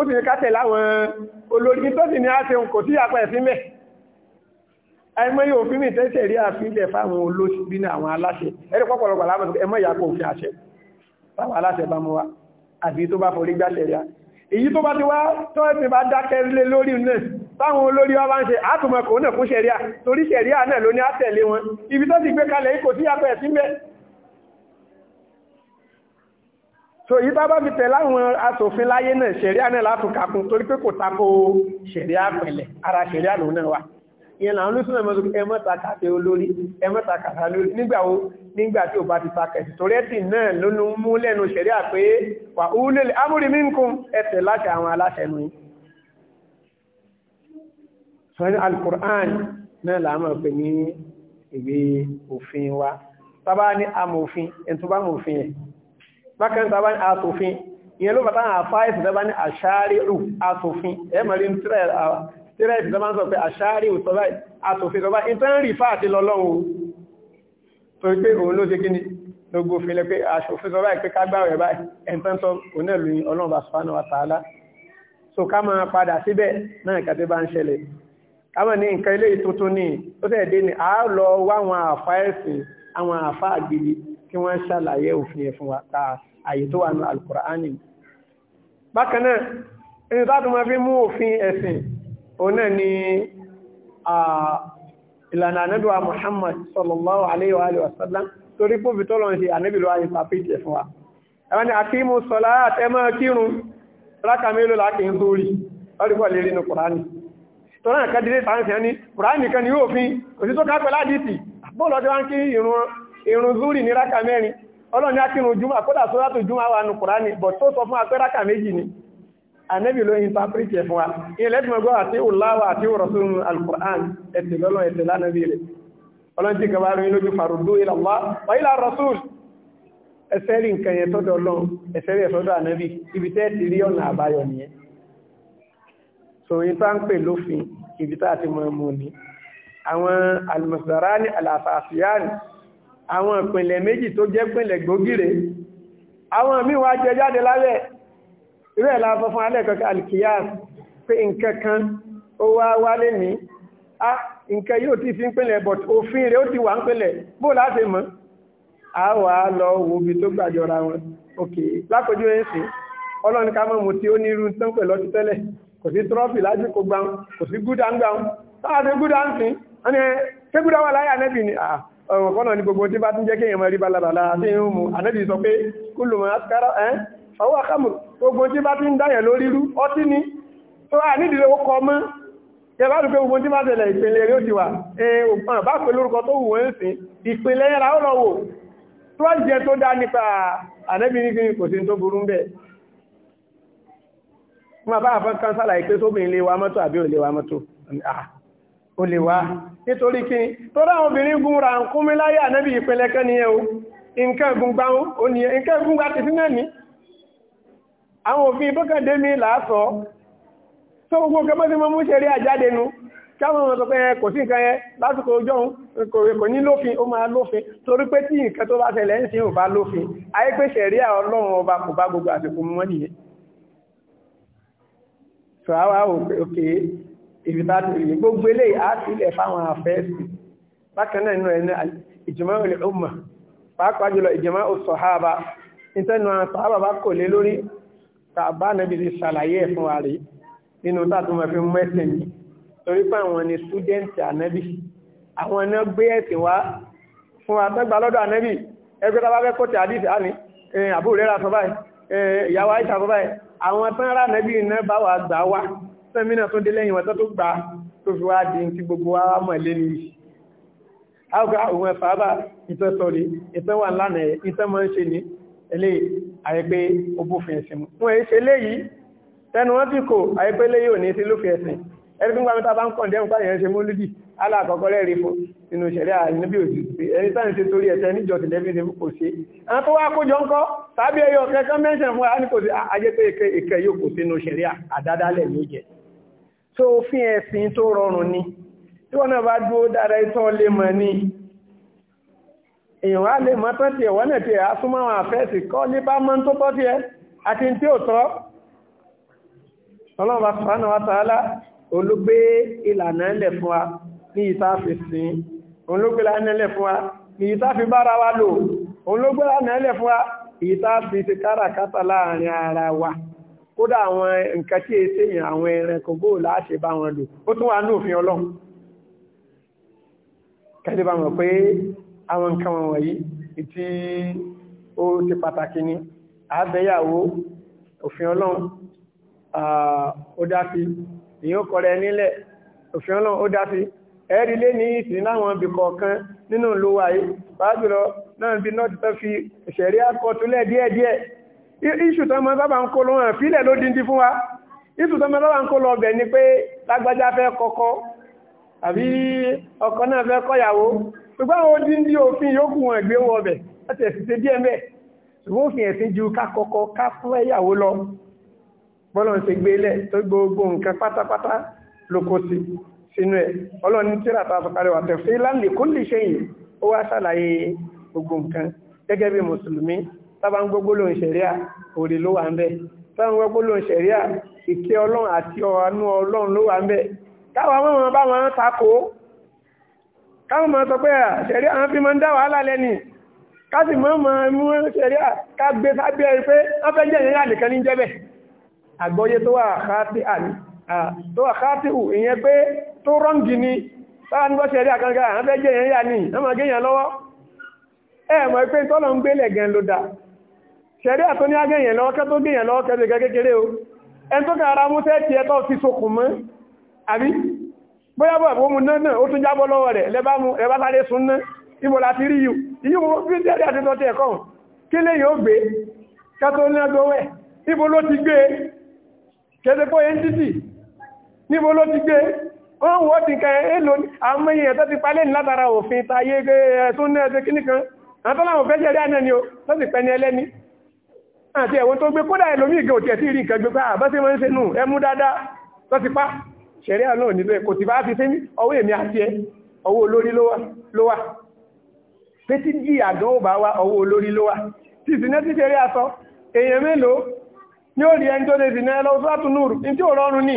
ó sì ní kátẹ̀ láwọn olórin tó sì ní á ṣeun kò sí apá ẹ̀fín mẹ́ ẹmọ yóò fi mí tẹ́sẹ̀ rí àfihàn fáwọn olóṣìbí ní àwọn aláṣẹ ẹ̀rí pọ́pọ̀lọpọ̀ láwọn ẹmọ ìyàpọ̀ òfin àṣẹ fáwọn aláṣẹ bá mọ́ wa àbí tó bá forí gbáṣẹ̀ rí èyí tó bá ti wá tó ẹ̀sìn bá dákẹ́ lé lórí náà táwọn olórí ọba ń ṣe so yìí bá bá fi tẹ̀ láwọn asòfin láyé náà ṣẹ̀ríà náà látùkàkùn torí pé kò tako ṣẹ̀ríà pẹ̀lẹ̀ ara ṣẹ̀ríà lòun náà wà ìyẹn làwọn olùsùnà mọ́ sókè ẹmọ́ta kàtẹ́ olórí ẹmọ́ta kàtà lórí nígbàwó nígbà tí ò bá ti takẹ̀sì torí ẹ̀tì náà lónú mú lẹ́nu ṣẹ̀rí àpé wà úlélẹ̀ amúrí mínkún ẹ̀tẹ̀ láti àwọn aláṣẹ nù yìí sọ́yìn alukur'an náà làwọn ọ̀pẹ̀ ní ìwé òfin wa tábà ní amòfin ẹ̀tùbámòfin ẹ̀ bákan sábà ní asòfin ìyẹn ló bàtà àfáà ìsìn sábà ní àṣáríù asòfin ẹ mọ̀ rí ní tírẹ̀ ìsìn sábà ń sọ pé àṣáríù sọ́bà asòfin sọ́bà ìtàn rí fáà ti lọ pé òun ló ṣe kí ni lógo òfinlẹ̀ pé asòfin sọ́bà pé ká gbà rẹ̀ báyìí ẹ̀ńtán sọ òun ẹ̀lú ọlọ́run bá sọ́fà náà tààlà so ká ni àá lọ wá àwọn àfáà ẹ̀sìn àwọn àfáà gidi kí wọ́n ṣàlàyé òfin ẹ̀ fún wa ta àyè tó wà ní alukur'ani bákan náà ẹni tó àtúmọ̀ fi mú òfin ẹ̀sìn òun náà ni ìlànà anábíwa Muhammad sallallahu alayhi wa sallam torí pòbí tó lọ́n ṣe ànábì lọ́wọ́ fún wa ẹwọ́n ni àkímù sọlá àtẹ́mọ́ ń kí ìrún ìrun zúrì ní rákà mẹ́rin ọlọ́run ní akínú júmọ́ àkọ́dà tó látò júmọ́ wà nù kùránì bọ̀ tó sọ fún apẹ́ rákà méjì ni anẹ́bì ló interpret ẹ̀ fún wa ilẹ̀ tí mo gbọ́ àti òláwà àti òrọ̀sùn alkùrán ẹ̀tẹ̀ lọ́lọ́ ẹ̀tẹ̀ lánàbí rẹ̀ ọlọ́run tí ila Allah wa ila rasul ẹsẹ́ rí nǹkan yẹn tọ́dọ̀ ọlọ́run ẹsẹ́ rí ẹ̀sọ́dọ̀ anẹ́bì ibi tẹ́ so yìí tá ń pè lófin ibi tá ti mọ̀ mọ̀ ní àwọn ìpìnlẹ̀ méjì tó jẹ́ pìnlẹ̀ gbòógìrè àwọn míì wá jẹ jáde lálẹ́ rẹ̀ la sọ fún alẹ́ kankan alkiyas pé nǹkan kan ó wá wálé ní a nǹkan yóò ti fi ń pìnlẹ̀ but òfin rẹ̀ ó ti wà ń pìnlẹ̀ bó láti mọ̀ a wà lọ wo ibi tó gbàjọra wọn ok lápẹjú ẹ̀sìn ọlọ́run ká mọ̀ mo ti ó ní irú tán pẹ̀lú ni ṣé ọ̀rọ̀ kọ́nà ní gbogbo tí bá tún jẹ́ kí èèyàn rí balabala àti ìhun mu sọ pé kúlù mọ́ àkàrà ẹ́ ọwọ́ àkàmù gbogbo tí bá tún dáyẹ̀ lórí rú ọtí ni tó à nídìí owó kọ mọ́ yẹba rú pé gbogbo tí bá tẹ̀lẹ̀ ìpínlẹ̀ rí ó ti wà ọ̀n bá pẹ̀lú orúkọ tó wù ń sìn ìpínlẹ̀ yẹra ó lọ wò tó wá jẹ tó dá nípa ànábì ní kò sí tó burú bẹ́ẹ̀ fún àbá àfọ́n kan sálà ìpé sóbìn lè wa mọ́tò àbí ò nítorí kí tó rá obìnrin gún ra ń kún mi láyé ànábì ìpínlẹ̀ kan ní ẹ̀ o nǹkan gbùngbà ó ti sí náà àwọn òfin bọ́kàndé mi làásọ̀ tó gbogbo kẹmọ́ sí mọ́ mú ṣe rí àjáde nu káwọn ọmọ tó pé kò sí nǹkan yẹn lásìkò ọjọ́ kò ní lófin ó máa lófin torí pé tí ibi tá ti rí gbogbo eléyìí á sí ilẹ̀ fáwọn àfẹ́ẹ̀sì bákan náà nínú ẹ̀nà ìjùmọ̀ ilẹ̀ ọmọ pàápàá jùlọ ìjùmọ̀ sàhábà nítẹ́nu àwọn sàhábà bá kò lé lórí tàbá nàbí ti ṣàlàyé ẹ̀ fún wa rí nínú tàtúmọ̀ fi mú ẹ̀sìn mi torí pé àwọn ni súdẹ́ǹtì ànábì àwọn náà gbé ẹ̀sìn wá fún wa tọ́gbà lọ́dọ̀ ànábì ẹgbẹ́ tá bá fẹ́ kọ́tẹ̀ àdìsí àní àbúrò rẹ̀ ra sọ báyìí ìyàwó àìsàn sọ báyìí àwọn tán rà sẹ́mínà tó dé lẹ́yìn wọ́n tó gbà tó fi wá di tí gbogbo wa mọ̀ lé ní àwọn ohun ẹ̀fàábà ìtọ́ sọ̀rí ìtọ́ wà lánàá ìtọ́ mọ́ ṣe ní ilé àyẹ́pẹ́ òbúfin ẹ̀sìn mú wọ́n èé ṣe léyìí tẹnu wọ́n ti kò àyẹ́pẹ́ léyìí ò ní sí lófin ẹ̀sìn ẹni tó ń gbàmítà bá ń kàn dẹ́mù pàyẹ̀ ṣe mú lùdì alákọ̀ọ́kọ́ lẹ́rí fún inú ìṣẹ̀lẹ̀ tó òfin ẹ̀sìn tó rọrùn ni tí wọ́n náà bá dúró dára ìtọ́ lè mọ̀ ní èèyàn á lè mọ́ tán tiẹ̀ wọ́n náà tiẹ̀ á súnmọ́ àwọn àfẹ́sì kọ́ lé bá mọ́ tó tọ́ tiẹ̀ àti tí ò tọ́ ọlọ́run bá sọ̀rọ̀ náà wá sàálà olùgbé ìlànà ẹlẹ̀ fún wa ní ìta fi sìn olùgbé ìlànà ẹlẹ̀ fún wa ní ìta fi bára wa lò olùgbé ìlànà ẹlẹ̀ fún wa ìta fi ti káràkátà láàrin ara wa kódà àwọn nǹkan tí èsè yìn àwọn ẹranko bó láṣẹ bá wọn lò ó tún wà ní òfin ọlọ́run kẹ́lẹ́ bá mọ̀ pé àwọn nǹkan wọn wọ̀nyí tí ó ti pàtàkì ni àbẹ̀yàwó òfin ọlọ́run ó dá sí èyàn kọ̀rẹ̀ nílẹ̀ òfin ọlọ́run ó dá sí ẹ̀rí lé ní ìsìn láwọn ibì kọ̀ọ̀kan iṣu tó mọ́ sábà ń kó lọ́wọ́ àfílẹ̀ ló dín dín fún wa iṣu tó mọ́ sábà ń kó lọ ọbẹ̀ ni pé lágbájá fẹ́ kọ́kọ́ àbí ọkọ náà fẹ́ kọ́yàwó ṣùgbọ́n àwọn dín dín òfin yókù wọn ìgbé wọ ọbẹ̀ láti ẹ̀sìn ṣe díẹ̀ mẹ́ ṣùgbọ́n òfin ẹ̀sìn ju ká kọ́kọ́ ká fún ẹ̀yàwó lọ bọ́lọ̀ ń ṣe gbé lẹ̀ tó gbogbo nǹkan pátápátá ló kó sí sínú ẹ̀ ọlọ́ni tíra ta sọ̀kalẹ̀ wà tẹ̀sí láǹlẹ̀ kó lè ṣe yìí ó wá ṣàlàyé gẹ́gẹ́ bí mùsùlùmí tábà ń gbogbo lòun ṣẹ̀ríà òrè ló wà ń bẹ̀ tábà ń gbogbo lòun ṣẹ̀ríà ìkẹ́ ọlọ́run àti ọ̀hánú ọlọ́run ló wà ń bẹ̀ káwọn ọmọ bá wọn takò káwọn máa sọ pé ṣẹ̀ríà àwọn fi máa ń dá wàhálà lẹ́nìí ká sì máa máa mú ṣẹ̀ríà ká gbé sábẹ́ rí pé wọ́n fẹ́ jẹ́ ìrìnlẹ̀ nìkan ní jẹ́bẹ̀ àgbọ́yé tó wà káàtì àní tó wà káàtì ù ìyẹn pé tó rọ́ǹgì ni báwa ń gbọ́ ṣẹ̀ríà kankan àwọn fẹ́ jẹ́ ìrìnlẹ̀ ní wọ́n máa gé yàn mọ̀ pé ṣẹ̀rí àtó ní agẹ́yìn lọ́wọ́ kẹ́ tó gẹ́yìn lọ́wọ́ kẹ́ gẹ́gẹ́ o ẹn tó kàrà mú tẹ́ẹ̀tì ẹ̀tọ́ ti sokùn mọ́ àbí bóyá bọ̀ bó mu náà ó tún jábọ́ lọ́wọ́ rẹ̀ lẹ́bá mú ẹ̀bá sáré sun ná ibo láti rí yù yíò mú bí tẹ́ẹ̀tì àti tọ́tì ẹ̀kọ́ kí lè yóò gbé kẹ́tọ́ ní agbọ́wẹ́ ibo ló ti gbé kẹ́tẹ́ pọ́ yẹn títì níbo ni àti ẹ̀wọ̀n tó gbé kódà ẹlòmí ìgẹ̀ òtí ẹ̀tí rí nǹkan gbé pé àbá ah, sí máa ń ṣe nù ẹmú dáadáa tó ti pa ṣẹ̀rí àná nílò ẹ̀kọ́ ti bá fi sí ọwọ́ èmi àti ẹ ọwọ́ olórí ló wà pé tí jí àgán ò bá wá ọwọ́ olórí ló wà tí ìsìnẹ́ ti ṣeré aṣọ èèyàn mélòó ni ó rí ẹni tó lè sìnẹ́ lọ sọ́tún nùrù ní tí ò rọrùn ni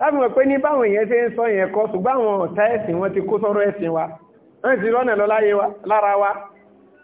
láti pé ní báwọn èèyàn ṣe ń sọ yẹn kọ́ ṣùgbọ́n àwọn ọ̀tá ẹ̀sìn wọn ti kó sọ́rọ̀ ẹ̀sìn wa wọ́n rọ́nà lọ lára wa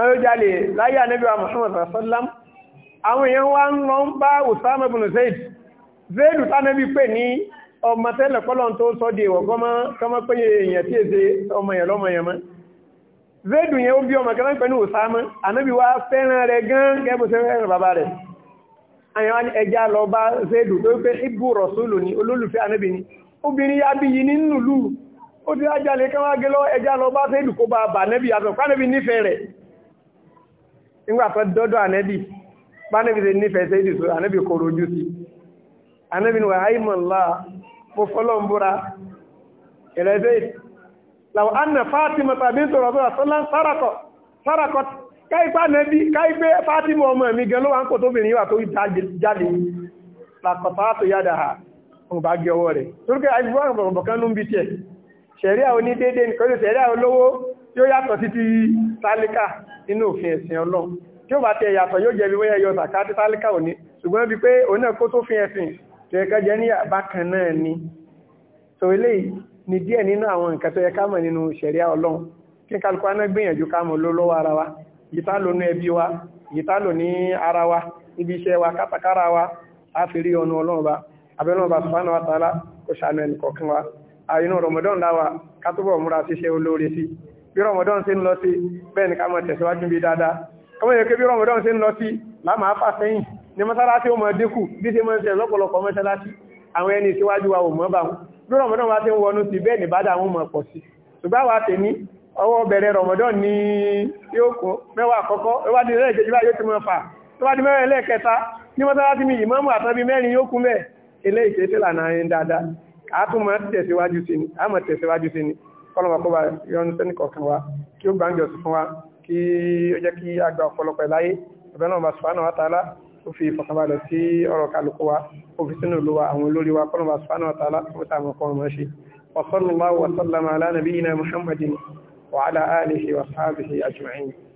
wọ́n ló jalè láyé ànábíwá Muhammad sallam àwọn èèyàn wá ń lọ ń bá Usama bin Zaid Zaid tánẹ́bí pè ní ọmọ tẹ́lẹ̀ kọ́lọ́n tó sọ di ìwọ̀ kọ́mọ́ péye èèyàn tí èsè ọmọ èèyàn lọ́mọ èèyàn mọ́ Zaid yẹn ó bí ọmọ kẹ́lá ń pẹ̀lú Usama ànábí wá fẹ́ràn rẹ̀ gan gẹ́gbẹ́ fẹ́ràn bàbá lọ bá Zaid tó ni olólùfẹ́ ànábí ni obìnrin yá bí yìí nínú lù ó ti rájálẹ̀ kẹ́wàá gẹ́lọ́ ẹja lọ bá Zaid kó bá bà ànábí àtọ̀pá ànábí nífẹ̀ẹ́ rẹ̀ nígbà tó dọ́dọ̀ ànẹ́bì bánẹ́bì ṣe nífẹ̀ẹ́ sẹ́yìn tó ànẹ́bì kòrò ojú sí ànẹ́bì ni wà áìmọ̀lá mo fọ́lọ́ ń búra ìrẹ́sẹ̀ làwọn anna Fatima tàbí tó rọ̀bọ̀ sọ́lá sárakọ̀ sárakọ̀ káìpá ànẹ́bì káìpé Fatima ọmọ ha òun bá gé ọwọ́ rẹ̀ torí pé àìbúwọ̀n bọ̀bọ̀kan ló ń bí tiẹ̀ ṣẹ̀ríà onídéédé yàtọ̀ títí tálíkà nínú òfin ẹ̀sìn ọlọ́run tí ó bá tẹ yàtọ̀ yóò jẹ́ bí wọ́n yọ zaka tí tálíkà ò ní ṣùgbọ́n bí pé òun náà kó tó fi ẹ̀sìn tó yẹ ká jẹ ní àbákan náà ni so eléyìí ni díẹ̀ nínú àwọn nǹkan tó yẹ ká mọ̀ nínú ṣẹ̀ríà ọlọ́run kí kálukú aná gbìyànjú ká mọ̀ ló lọ́wọ́ ara wa yìí tá lónú ẹbí wa yìí tá lò ní ara wa ibi iṣẹ́ wa kátàkárà wa á fi rí ọnu ọlọ́run ba abẹ́lẹ́ ọba subhanahu wa Ramadan láwa ká túbọ̀ múra ṣiṣẹ́ bí rọmọdán ṣe ń lọ sí bẹ́ẹ̀ ni ká mọ̀ tẹ̀síwájú bí dáadáa kọmọ yẹ kí bí rọmọdán ṣe ń lọ sí láàmà ápà sẹ́yìn ní mọ́sálásí ó mọ̀ dínkù bí ṣe mọ́ ṣe lọ́pọ̀lọpọ̀ mọ́sálásí àwọn ẹni síwájú wa ò mọ́ bá wọn bí ni bádà wọn mọ̀ pọ̀ sí ṣùgbọ́n wa tè ní ọwọ́ bẹ̀rẹ̀ rọmọdán ní yóò mẹ́wàá àkọ́kọ́ ìwádìí tẹ̀síwájú sí ni kọ́lọ́mọ̀ kó wa yọnu sẹ́ni kọ̀ọ̀kan wa kí ó gbàǹjọ sí fún wa kí ó jẹ́ kí a gba ọ̀pọ̀lọpọ̀ láyé ọ̀bẹ náà bá sùfánà wa tààlà ó fi ìfọ̀kànbalẹ̀ sí ọ̀rọ̀ kálukú wa ó fi sínú ìlú wa àwọn olórí wa kọ́lọ́mọ̀ sùfánà wa tààlà ó tà mọ̀ kọ́mọ̀ ṣe